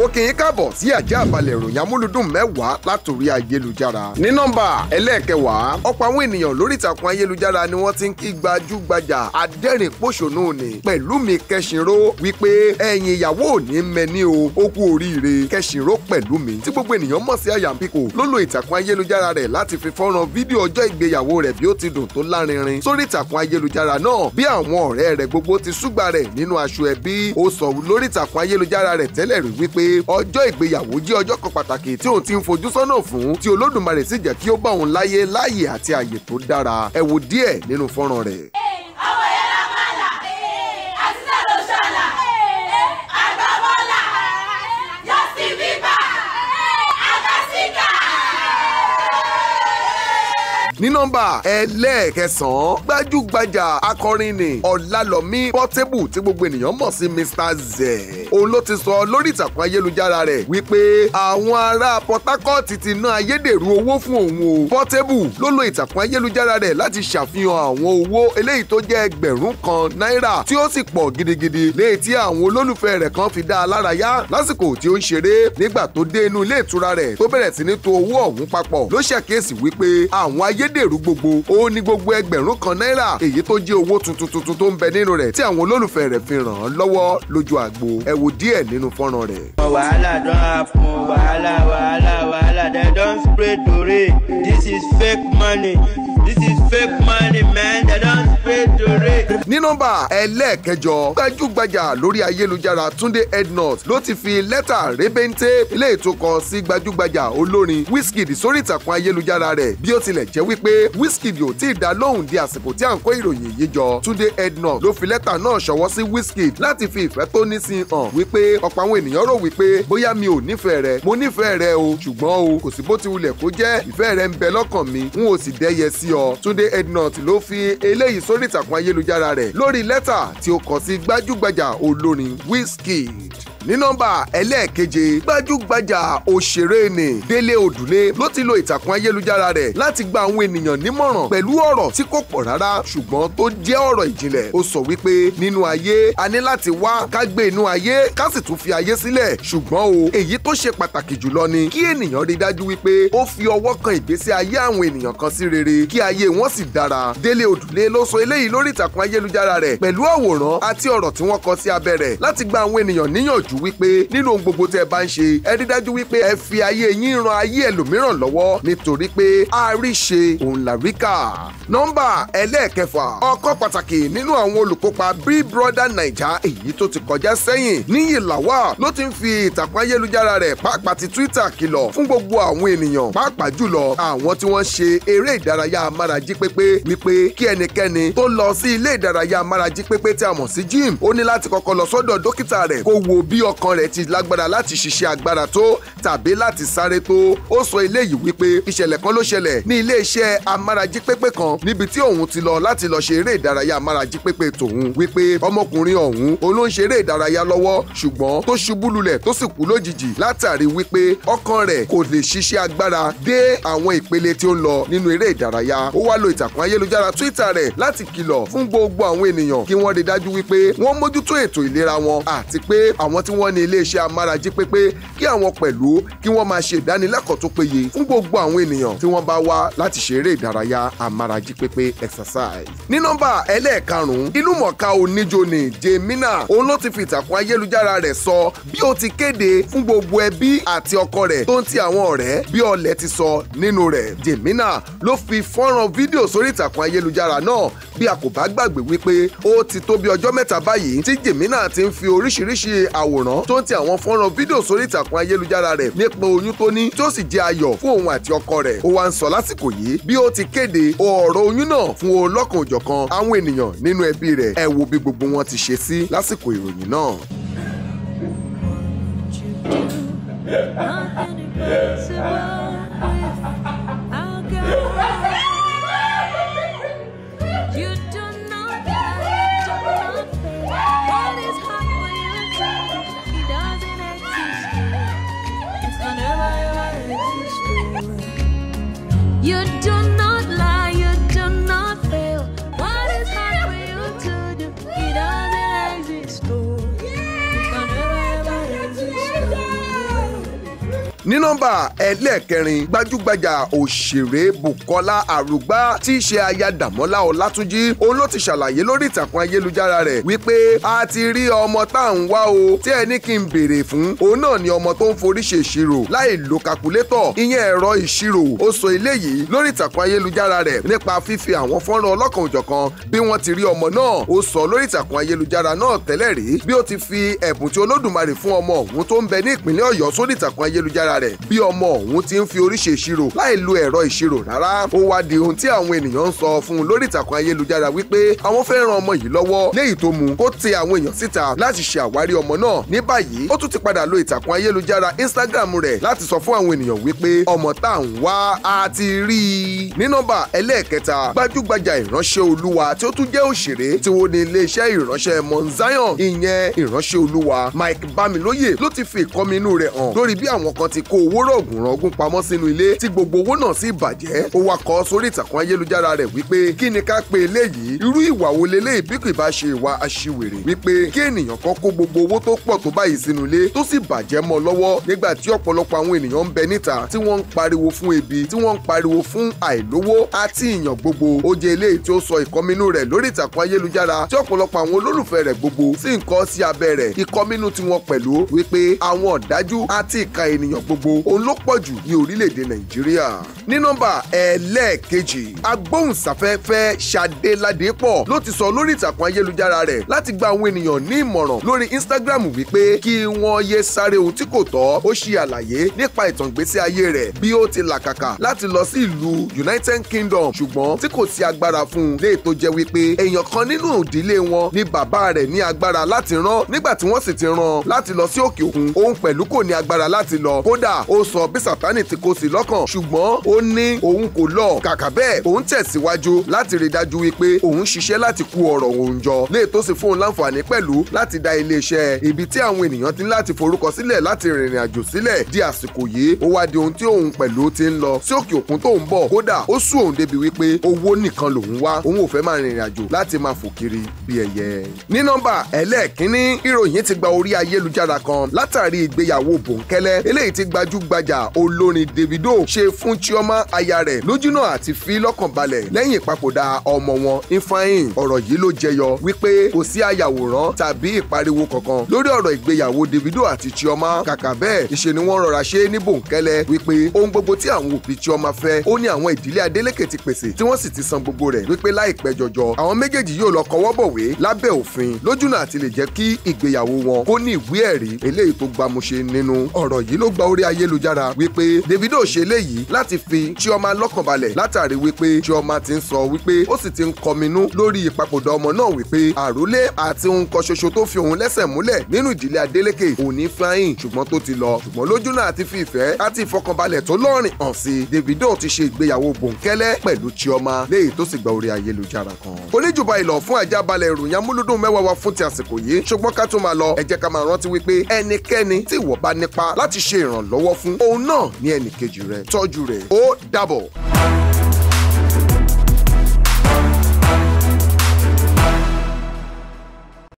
mo kì í káàbọ̀ sí àjẹ́ àbálẹ̀ ìròyìn amúlùdùn mẹ́wàá látòrí ayélujára. ní nọ́mbà ẹlẹ́ẹ̀kẹwàá ọ̀pọ̀ àwọn ènìyàn lórí ìtàkùn ayélujára ni wọ́n ti ń kí gbajúgbajà adẹ́rìn pòṣónú ni Pẹ̀lúmi Kẹ́ṣìnró wípé ẹ̀yìn ìyàwó ò ní mẹ́ni o ó kú oríire Kẹ́ṣìnró Pẹ̀lúmi tí gbogbo ènìyàn mọ̀ sí àyàmpíkò ló lo ìtàkùn ayélujára rẹ̀ láti fi fọ́nrán fídíò ọjọ́ ìgbéyàwó rẹ̀ bí ó ti dùn tó lárinrin sórí ìtàkùn ayélujára náà bí àwọn ọ̀rẹ́ rẹ̀ ti súgbà rẹ̀ nínú aṣọ ẹbí ó sọ lórí ìtàkùn ayélujára rẹ̀ tẹ́lẹ̀ rí wípé ọjọ́ ìgbéyàwó jẹ́ ọjọ́ kan pàtàkì tí òun ti ń fojú sọ́nà fún tí olódùmarè sì jẹ́ kí ó bá òun láyé láàyè àti àyè tó dára ẹ wo díẹ̀ nínú fọ́nrán rẹ̀. ní nọ́mbà ẹlẹ́ẹ̀kẹsàn-án gbajúgbajà akọrin ni ọ̀làlọ́mí pọ́tébù tí gbogbo ènìyàn mọ̀ sí Mr. Z òun ló ti sọ lórí ìtàkùn ayélujára rẹ̀ wípé àwọn ará Port Harcourt ti ná ayédèrú owó fún òun o Portable ló lo ìtàkùn ayélujára rẹ̀ láti ṣàfihàn àwọn owó eléyìí tó jẹ́ ẹgbẹ̀rún kan náírà tí ó sì pọ̀ gidigidi léyìí tí àwọn olólùfẹ́ rẹ̀ kan fi dá a lárayá lásìkò tí ó ń ṣeré nígbà tó dé inú ilé ìtura rẹ̀ tó bẹ̀rẹ̀ sí ní to owó ọ̀hún papọ̀ ló ṣàkíyèsí wípé àwọn ayédèrú gbogbo ó ní gbogbo ẹgbẹ̀rún kan náírà èyí tó jẹ́ owó tuntun tuntun tó ń bẹ nínú rẹ̀ tí àwọn olólùfẹ́ rẹ̀ fi ràn án lọ́wọ́ lójú àgbo ẹ wo díẹ̀ nínú fọ́nrán rẹ̀. wàhálà don happen wàhálà wàhálà wàhálà dem don spray tori this is fake money This is fake money, man. They don't pay to rate. Ní nọ́mbà ẹlẹ́ẹ̀kẹjọ gbajúgbajà lórí ayélujára Túndé Ednut ló ti fi lẹ́tà rébéńté ilé ètò kan sí gbajúgbajà olórin Wizkid sórí ìtàkùn ayélujára rẹ̀ bí ó tilẹ̀ jẹ́ wípé Wizkid ò tí ì dá lóhùn di àsìkò tí à ń kó ìròyìn yìí jọ Túndé Ednut ló fi lẹ́tà náà ṣọwọ́ sí Wizkid láti fi ìfẹ́ tó ní sí hàn wípé ọ̀pọ̀ àwọn ènìyàn rò wípé bóyá mi ò nífẹ̀ẹ́ rẹ mo nífẹ̀ẹ́ rẹ o ṣùgbọ́n o kò sí bó ti wulẹ̀ kó jẹ́ ìfẹ́ rẹ ń sọ Túndé Ednut ló fi eléyìí sórí ìtàkùn ayélujára rẹ̀ lórí lẹ́tà tí ó kọ sí gbajúgbajà olórin Wizkid ní nọ́mbà ẹlẹ́ẹ̀keje gbajúgbajà òṣèré ni Délé Òdùlé ló ti lo ìtàkùn ayélujára rẹ̀ láti gba àwọn ènìyàn nímọ̀ràn pẹ̀lú ọ̀rọ̀ tí kò pọ̀ rárá ṣùgbọ́n tó jẹ́ ọ̀rọ̀ ìjìnlẹ̀ ó sọ wípé nínú ayé a ní láti wá ká gbé inú ayé ká sì tún fi ayé sílẹ̀ ṣùgbọ́n o èyí tó ṣe pàtàkì jùlọ ni kí ènìyàn rí dájú wípé ó fi ọwọ́ kan ìgbésí ayé àwọn ènìyàn kan sí rere kí ayé wọn sì dára Délé Òdùlé ló sọ eléyìí lórí ìtàkùn ayélujára rẹ̀ pẹ̀lú àwòrán àti ọ̀rọ̀ tí wọ́n kọ sí abẹ́ láti gba àwọn ènìyàn níyànjú dájú wípé nínú ohun gbogbo tí ẹ bá ń ṣe ẹ rí dájú wípé ẹ fi ayé yín ran ayé ẹlòmíràn lọ́wọ́ nítorí pé àríṣe òun làríkà. nọ́mbà ẹlẹ́ẹ̀kẹfà ọkọ̀ pàtàkì nínú àwọn olùkópa Big Brother Naija èyí tó ti kọjá sẹ́yìn níyì làwà ló ti ń fi ìtàkùn ayélujára rẹ̀ pàápàá ti Twitter kìlọ̀ fún gbogbo àwọn ènìyàn pàápàá jùlọ àwọn tí wọ́n ṣe eré ìdárayá amárají pépé wípé kí ẹnikẹ́ni tó lọ sí ilé ìdárayá amárají pépé tí a mọ̀ sí gym ó ní láti kọ́kọ́ lọ sọ́dọ̀ dókítà rẹ̀ kó wo bí bí ọkàn rẹ̀ ti lágbára láti ṣiṣẹ́ agbára tó tàbí láti sáré tó ó sọ eléyìí wípé ìṣẹ̀lẹ̀ kan ló ṣẹlẹ̀ ní iléeṣẹ́ amárají pépé kan níbi tí òun ti lọ láti lọ ṣe eré ìdárayá amárají pépé tòun wípé ọmọkùnrin ọ̀hún olóńṣe eré ìdárayá lọ́wọ́ ṣùgbọ́n tó ṣubú lulẹ̀ tó sì kú lójijì látàrí wípé ọkàn rẹ̀ kò lè ṣiṣẹ́ agbára dé àwọn ìpele tí ó ń lọ nínú eré ìdárayá ó wá lo ìtàkùn ayélujára Twitter rẹ̀ láti kìlọ̀ fún gbogbo àwọn ènìyàn kí wọ́n rí dájú wípé wọ́n mójútó ètò ìlera wọn àti pé àwọn t tí wọ́n ní iléeṣẹ́ amárají pépé kí àwọn pẹ̀lú kí wọ́n máa ṣe ìdánilẹ́kọ̀ọ́ tó péye fún gbogbo àwọn ènìyàn tí wọ́n bá wá láti ṣeré ìdárayá amárají pépé exercise. ní nọ́mbà ẹlẹ́ẹ̀karùn-ún ìlúmọ̀ọ́ká oníjó ni Jemina òun ló ti fi ìtàkùn ayélujára rẹ̀ sọ bí ó ti kéde fún gbogbo ẹbí àti ọkọ rẹ̀ tó ń ti àwọn ọ̀rẹ́ bí ọ̀lẹ́ ti sọ nínú rẹ̀ Jemina ló fi fọ́nrán fídíò sórí ìtàkùn ayélujára náà bí a kò bá gbàgbé wípé ó ti tó bí ọjọ́ mẹ́ta báyìí tí Jemina ti ń fi oríṣiríṣi àwòrán àwòrán tó ń ti àwọn fọ́nrán fídíò sórí ìtàkùn ayélujára rẹ̀ nípa oyún tó ní tó sì jẹ́ ayọ̀ fún òun àti ọkọ rẹ̀ ó wá ń sọ lásìkò yìí bí ó ti kéde ọ̀rọ̀ oyún náà fún ọlọ́kan òjọ̀kan àwọn ènìyàn nínú ẹbí rẹ̀ ẹ wo bí gbogbo wọn ti ṣe sí lásìkò ìròyìn náà. Nothing to ní nọ́mbà ẹlẹ́ẹ̀kẹrin gbajúgbajà òṣèré Bùkọ́lá Àrùgbá tí í ṣe aya Dàmọ́lá Ọlátúnjí òun ló ti ṣàlàyé lórí ìtàkùn ayélujára rẹ̀ wípé a ti rí ọmọ tá à ń wá o tí ẹ ní kí n béèrè fún òun náà ni ọmọ tó ń forí ṣe ìṣirò láì lo kàkúlétọ̀ ìyẹn ẹ̀rọ ìṣirò ó sọ eléyìí lórí ìtàkùn ayélujára rẹ̀ nípa fífi àwọn fọ́nrán ọlọ́kan òjọ̀kan bí wọ́n ti rí ọmọ náà ó sọ lórí ìtàkùn ayélujára náà tẹ́lẹ̀ rí bí ó ti fi ẹ̀bùn tí Olódùmarè fún ọmọ òun tó ń bẹ ní ìpínlẹ̀ Ọ̀yọ́ sórí ìtàkùn ayélujára rẹ̀ bí ọmọ ọ̀hún ti ń fi oríṣi ìṣirò láì lo ẹ̀rọ ìṣirò rárá ó wá di ohun tí àwọn ènìyàn ń sọ fún un lórí ìtàkùn ayélujára wípé àwọn fẹ́ ran ọmọ yìí lọ́wọ́ léyìí tó mú kó tẹ àwọn èèyàn síta láti ṣe àwárí ọmọ náà ní báyìí ó tún ti padà lo ìtàkùn ayélujára Instagram rẹ̀ láti sọ fún àwọn ènìyàn wípé ọmọ tá à ń wá a ti rí i ní nọ́mbà ẹlẹ́ẹ̀kẹta gbajúgbajà ìránṣẹ́ olúwa tí ó tún jẹ́ òṣèré tí wọ́n ní iléeṣẹ́ ìránṣẹ́ Mount Zion ìyẹn ìránṣẹ́ Mike Bamiloye ló ti fi ìkọminú rẹ̀ hàn lórí bí àwọn kan ti láti kó owó rọ̀gùn rọ̀gùn pamọ́ sínú ilé tí gbogbo owó náà sì bàjẹ́ ó wá kọ sórí ìtàkùn ayélujára rẹ̀ wípé kí ni ká pe eléyìí irú ìwà wo leléyìí bí kò bá ṣe ìwà aṣiwèrè wípé kí ènìyàn kan kó gbogbo owó tó pọ̀ tó báyìí sínú ilé tó sì bàjẹ́ mọ́ lọ́wọ́ nígbà tí ọ̀pọ̀lọpọ̀ àwọn ènìyàn ń bẹ níta tí wọ́n ń pariwo fún ebi tí wọ́n ń pariwo fún àìlówó àti ìyàn gbogbo ó jẹ́ eléyìí tí ó sọ ìkọminú rẹ̀ lórí ìtàkùn ayélujára tí ọ̀pọ̀lọpọ̀ àwọn olólùfẹ́ rẹ̀ gbogbo sì ń kọ sí abẹ́ rẹ̀ ìkọminú tiwọn pẹ̀lú wípé àwọn ọ̀dájú àti ìka ènìyàn gbogbo òun ló pọ̀ jù ní orílẹ̀-èdè nàìjíríà ní nọ́mbà ẹlẹ́ẹ̀kejì agbóhùnsáfẹ́fẹ́ ṣadé ládépọ̀ ló ti sọ lórí ìtàkùn ayélujára rẹ̀ láti gba àwọn ènìyàn ní ìmọ̀ràn lórí instagram wípé kí wọ́n yé sáré ohun tí kò tọ́ ó ṣe àlàyé nípa ìtàn ìgbésí ayé rẹ̀ bí ó ti làkàkà láti lọ sí ìlú united kingdom ṣùgbọ́n tí kò sí agbára fún un lè tó jẹ́ wípé èèyàn kan nínú ni bàbá rẹ̀ ní agbára láti rán nígbà tí wọ́n sì ti rán láti lọ sí òkè kódà ó sọ bí Sátánì ti kó sí lọ́kàn ṣùgbọ́n ó ní òun kò lọ kàkà bẹ́ẹ̀ òun tẹ̀síwájú láti rí dájú wípé òun ṣiṣẹ́ láti kú ọ̀rọ̀ òun jọ lè tó sì fún un láǹfààní pẹ̀lú láti dá iléeṣẹ́ ibi tí àwọn ènìyàn ti láti forúkọ sílẹ̀ láti rìnrìn àjò sílẹ̀ di àsìkò yìí ó wá di ohun tí òun pẹ̀lú ti ń lọ sí òkè òkun tó ń bọ̀ kódà ó sú òun débi wípé owó nìkan lòun wá òun ò fẹ́ máa rìnrìn àjò láti máa fò kiri bí ẹyẹ. ní nọ́mbà ẹlẹ́ẹ̀kínní ìròyìn ti gba orí ayélujára kan látàrí ìgbéyàwó bòńkẹ́lẹ́ eléyìí ti gbajúgbajà olórin Davido ṣe fún Chioma aya rẹ̀ lójúnà àti fi lọ́kàn balẹ̀ lẹ́yìn ìpapòdà ọmọ wọn Ifeanyi ọ̀rọ̀ yìí ló jẹyọ wípé kò sí ayàwòrán tàbí ìpariwo kankan lórí ọ̀rọ̀ ìgbéyàwó Davido àti Chioma kàkà bẹ́ẹ̀ ìṣe ni wọ́n rọra ṣe ní bòńkẹ́lẹ́ wípé ohun gbogbo tí àwọn òbí Chioma fẹ́ ó ní àwọn ìdílé Adeleke ti pèsè tí wọ́n sì ti san gbogbo rẹ̀ wípé láìpẹ́ jọjọ àwọn méjèèjì yóò lọ kọwọ́ bọ̀wé lábẹ́ òfin lójúnà àti lè jẹ́ kí ìgbéyàwó wọn kó ní ìwé ẹ̀rí eléyìí tó gbámúṣe nínú ọ̀rọ̀ yìí ló gba orí orí ayélujára wípé Davido ṣe léyìí láti fi Chioma lọ́kànbalẹ̀ látàrí wípé Chioma ti ń sọ wípé ó sì ti ń kọminú lórí ìpapòdà ọmọ náà wípé àrólé àti nǹkan ṣoṣo tó fi òun lẹ́sẹ̀ múlẹ̀ nínú ìdílé Adeleke òní fáyìn ṣùgbọ́n tó ti lọ ṣùgbọ́n lójú náà ti fi ìfẹ́ àti ìfọkànbalẹ̀ tó lọ́rìn hàn sí Davido ti ṣe ìgbéyàwó bòńkẹ́lẹ́ pẹ̀lú Chioma léyìí tó sì gba orí ayélujára kan. oníjùbà ìlọ fún àjábalẹ̀ ìròyìn amúlùdùn mẹ́wàá wa fún ti àsìkò yìí ṣùgbọ́n ká tó máa lọ ẹ jẹ́ ká máa rántí wípé ẹnikẹ́ni tí ìwọ bá nípa láti ṣe ìrànlọ́ lọ́wọ́ fún òun náà ní ẹnìkejì rẹ̀ tọ́jú rẹ̀ ó dàbọ̀.